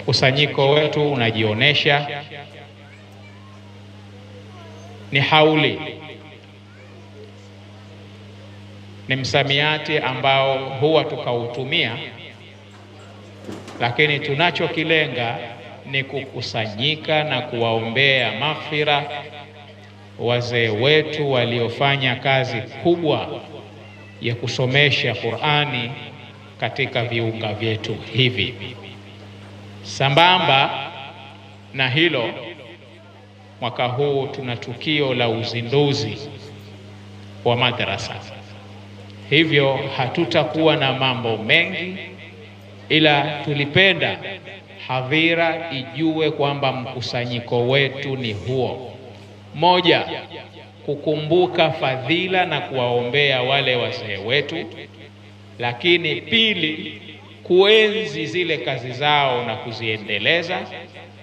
Mkusanyiko wetu unajionyesha ni hauli, ni msamiati ambao huwa tukautumia, lakini tunachokilenga ni kukusanyika na kuwaombea maghfira wazee wetu waliofanya kazi kubwa ya kusomesha Qur'ani katika viunga vyetu hivi. Sambamba na hilo, mwaka huu tuna tukio la uzinduzi wa madrasa, hivyo hatutakuwa na mambo mengi, ila tulipenda hadhira ijue kwamba mkusanyiko wetu ni huo. Moja, kukumbuka fadhila na kuwaombea wale wazee wetu, lakini pili kuenzi zile kazi zao na kuziendeleza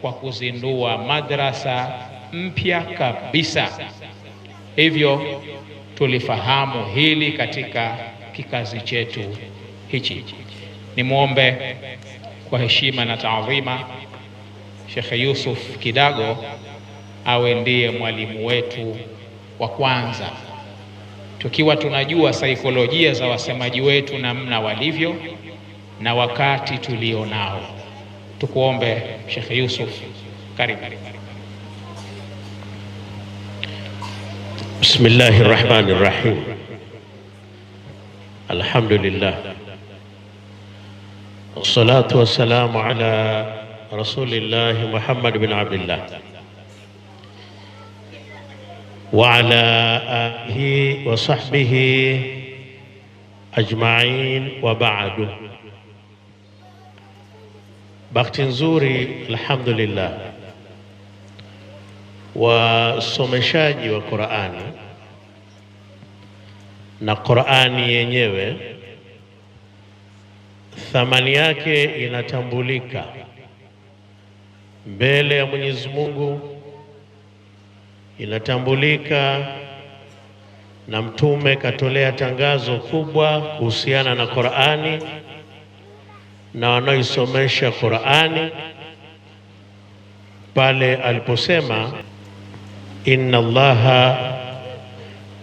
kwa kuzindua madrasa mpya kabisa. Hivyo tulifahamu hili katika kikazi chetu hichi. Nimwombe kwa heshima na taadhima Shekhe Yusuf Kidago awe ndiye mwalimu wetu wa kwanza, tukiwa tunajua saikolojia za wasemaji wetu namna walivyo na wakati tulio nao. Tukuombe Sheikh Yusuf, karibu. Bismillahi rahmani rahim, alhamdulillah wassalatu wassalamu ala rasulillahi Muhammad bin Abdillah wa ala alihi wa sahbihi ajmain wa ba'du Bahati nzuri alhamdulillah, wasomeshaji wa Qur'ani na Qur'ani yenyewe thamani yake inatambulika mbele ya Mwenyezi Mungu, inatambulika na Mtume katolea tangazo kubwa kuhusiana na Qur'ani. na wanaoisomesha Qur'ani pale aliposema inna Allaha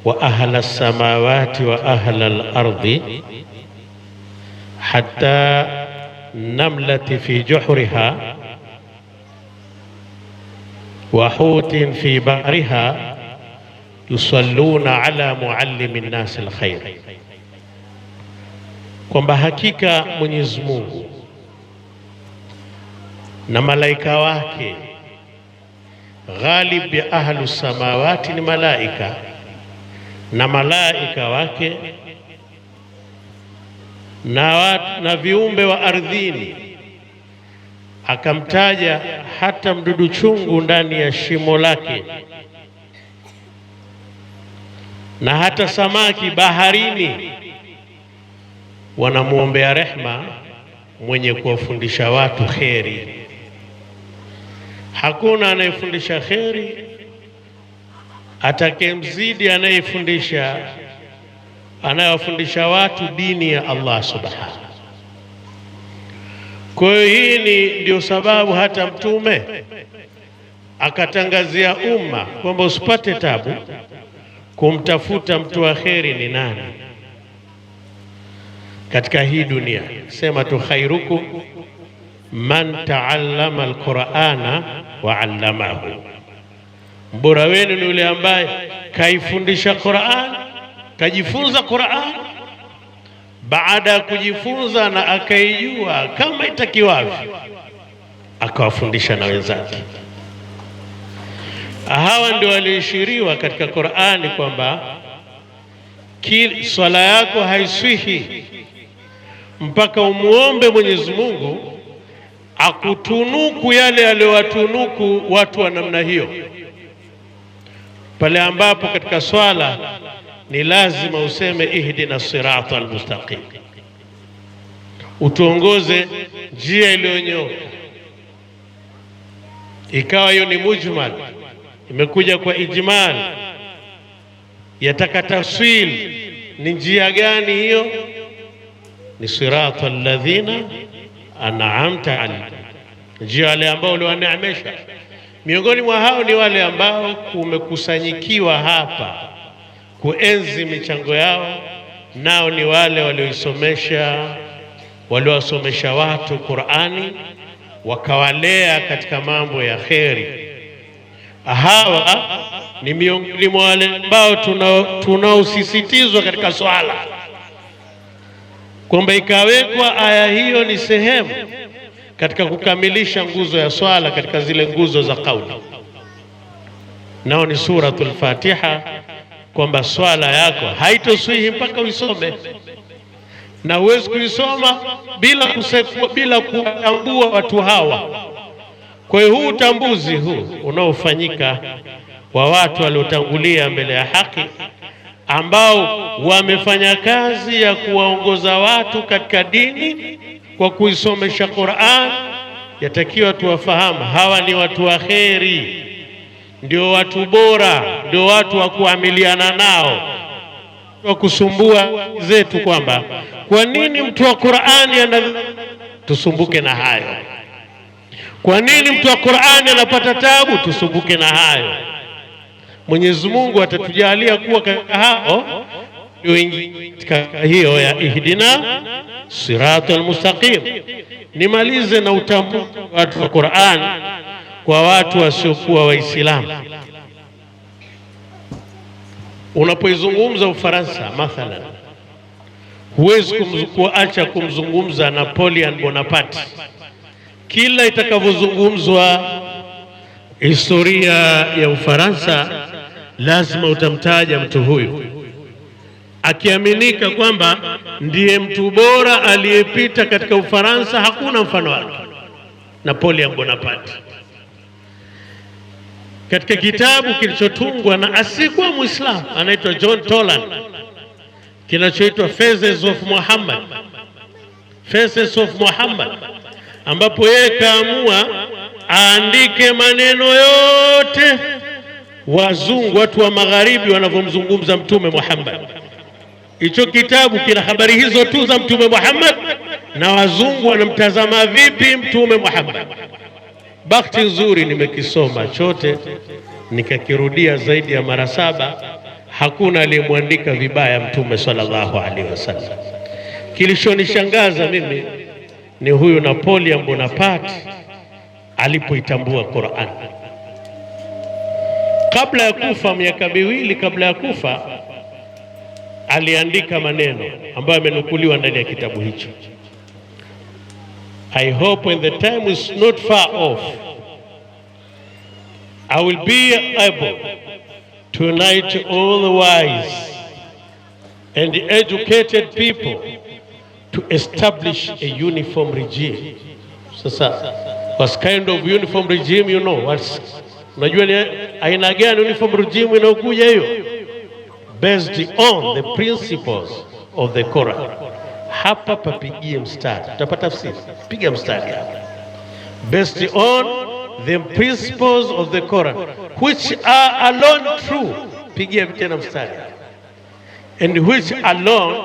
wa ahla samawati wa ahla al-ardi hatta namlati fi juhriha wa hutin fi bahriha yusalluna ala muallimi nnasi al-khair kwamba hakika Mwenyezi Mungu na malaika wake ghalib ya ahlu samawati ni malaika na malaika wake na, watu, na viumbe wa ardhini. Akamtaja hata mdudu chungu ndani ya shimo lake na hata samaki baharini wanamwombea rehma mwenye kuwafundisha watu kheri. Hakuna anayefundisha kheri atakayemzidi anayefundisha anayewafundisha watu dini ya Allah subhanahu. Kwa hiyo hii ni ndio sababu hata Mtume akatangazia umma kwamba usipate tabu kumtafuta mtu wa kheri ni nani katika hii dunia. Sema tu khairukum man taallama alqurana wa allamahu, mbora wenu ni yule ambaye kaifundisha Quran, kajifunza Quran baada ya kujifunza na akaijua kama itakiwavyo, akawafundisha na wenzake. Hawa ndio walioishiriwa katika Qurani kwamba swala yako haiswihi mpaka umuombe Mwenyezi Mungu akutunuku yale aliyowatunuku watu wa namna hiyo. Pale ambapo katika swala ni lazima useme ihdina sirata almustaqim, utuongoze njia iliyonyooka. Ikawa hiyo ni mujmal, imekuja kwa ijmal, yataka taswil, ni njia gani hiyo ni sirata alladhina an'amta alayhim, njia wale ambao uliwaneemesha. Miongoni mwa hao ni wale ambao kumekusanyikiwa hapa kuenzi michango yao, nao ni wale walioisomesha waliowasomesha watu Qur'ani, wakawalea katika mambo ya kheri. Hawa ni miongoni mwa wale ambao tunaosisitizwa tuna katika swala kwamba ikawekwa aya hiyo ni sehemu katika kukamilisha nguzo ya swala katika zile nguzo za kauli, nao ni Suratul Fatiha, kwamba swala yako haitoswihi mpaka uisome, na huwezi kuisoma bila kusekua, bila kutambua watu hawa. Kwa hiyo huu utambuzi huu unaofanyika wa watu waliotangulia mbele ya haki ambao wamefanya kazi ya kuwaongoza watu katika dini kwa kuisomesha Qur'an, yatakiwa tuwafahamu hawa ni watu wa kheri, ndio watu bora, ndio watu wa kuamiliana nao, wa kusumbua zetu kwamba kwa nini mtu wa Qur'ani ana tusumbuke na hayo, kwa nini mtu wa Qur'ani anapata tabu, tusumbuke na hayo. Mwenyezi Mungu atatujalia kuwa oh, katika hao hiyo ya ihdina siratal mustaqim. Nimalize na utambuzi watu wa Qur'an kwa watu wasiokuwa Waislamu. Unapoizungumza Ufaransa mathalan, huwezi kuacha kumzungumza Napoleon Bonaparte. Kila itakavyozungumzwa historia ya Ufaransa lazima utamtaja mtu huyu akiaminika kwamba ndiye mtu bora aliyepita katika Ufaransa. Hakuna mfano wake Napoleon Bonaparte. Katika kitabu kilichotungwa na asiyekuwa Muislamu anaitwa John Tolan kinachoitwa Faces of Muhammad, Faces of Muhammad, ambapo yeye kaamua aandike maneno yote wazungu, watu wa magharibi wanavyomzungumza Mtume Muhammad. Hicho kitabu kina habari hizo tu za Mtume Muhammad, na wazungu wanamtazama vipi Mtume Muhammad. Bahati nzuri nimekisoma chote nikakirudia zaidi ya mara saba. Hakuna aliyemwandika vibaya Mtume sallallahu alaihi wasallam. Kilichonishangaza mimi ni huyu Napoleon Bonaparte alipoitambua Qur'an kabla ya kufa, miaka miwili kabla ya kufa, aliandika maneno ambayo yamenukuliwa ndani ya kitabu hicho. I hope when the time is not far off I will be able to unite all the wise and educated people to establish a uniform regime. Sasa, what kind of uniform regime you know? What's Unajua ni aina gani uniform regime inaokuja hiyo? Based on the principles of the Quran. Hapa papigie mstari, tutapata tafsiri. Piga mstari hapa. Based on the principles of the Quran which are alone true. Pigia tena mstari. And which alone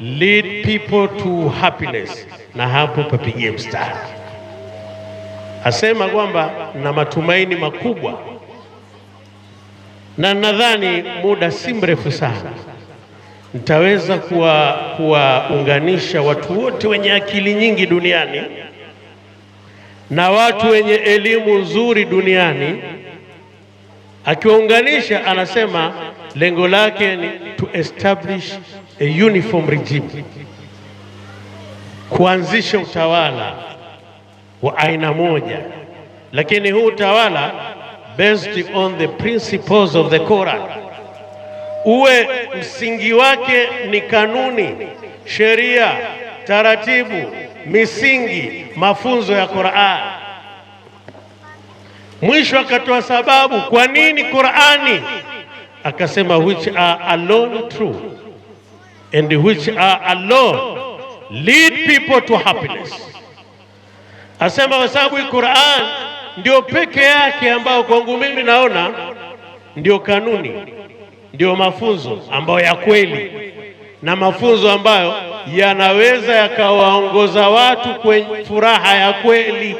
lead people to happiness. Na hapo papigie mstari asema kwamba na matumaini makubwa, na nadhani muda si mrefu sana nitaweza kuwaunganisha kuwa watu wote wenye akili nyingi duniani na watu wenye elimu nzuri duniani. Akiwaunganisha anasema lengo lake ni to establish a uniform regime, kuanzisha utawala wa aina moja, lakini huu utawala based on the principles of the Quran, uwe msingi wake ni kanuni, sheria, taratibu, misingi, mafunzo ya Quran. Mwisho akatoa sababu kwa nini Qurani, akasema which are alone true and which are alone lead people to happiness asema kwa sababu hii Qur'an ndio peke yake ambayo kwangu mimi naona ndio kanuni, ndio mafunzo ambayo ya kweli na mafunzo ambayo yanaweza yakawaongoza watu kwenye furaha ya kweli,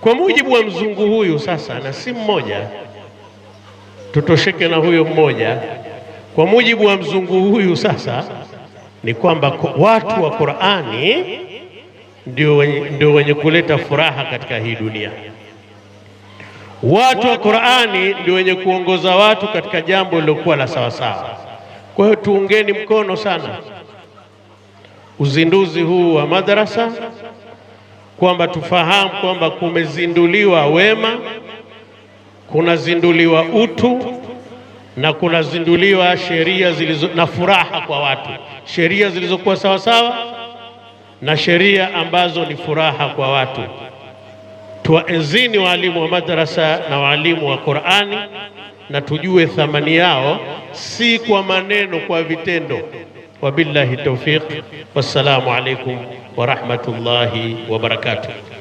kwa mujibu wa mzungu huyu. Sasa na si mmoja, tutosheke na huyo mmoja. Kwa mujibu wa mzungu huyu sasa ni kwamba watu wa Qur'ani ndio wenye, wenye kuleta furaha katika hii dunia. Watu wa Qur'ani ndio wenye kuongoza watu katika jambo lilokuwa la sawasawa. Kwa hiyo tuungeni mkono sana uzinduzi huu wa madrasa, kwamba tufahamu kwamba kumezinduliwa wema, kunazinduliwa utu na kunazinduliwa sheria zilizo na furaha kwa watu, sheria zilizokuwa sawasawa na sheria ambazo ni furaha kwa watu. Tuwaenzini waalimu wa madrasa na waalimu wa Qur'ani, na tujue thamani yao, si kwa maneno, kwa vitendo. Wabillahi tawfiq, wassalamu alaikum wa rahmatullahi wa barakatuh.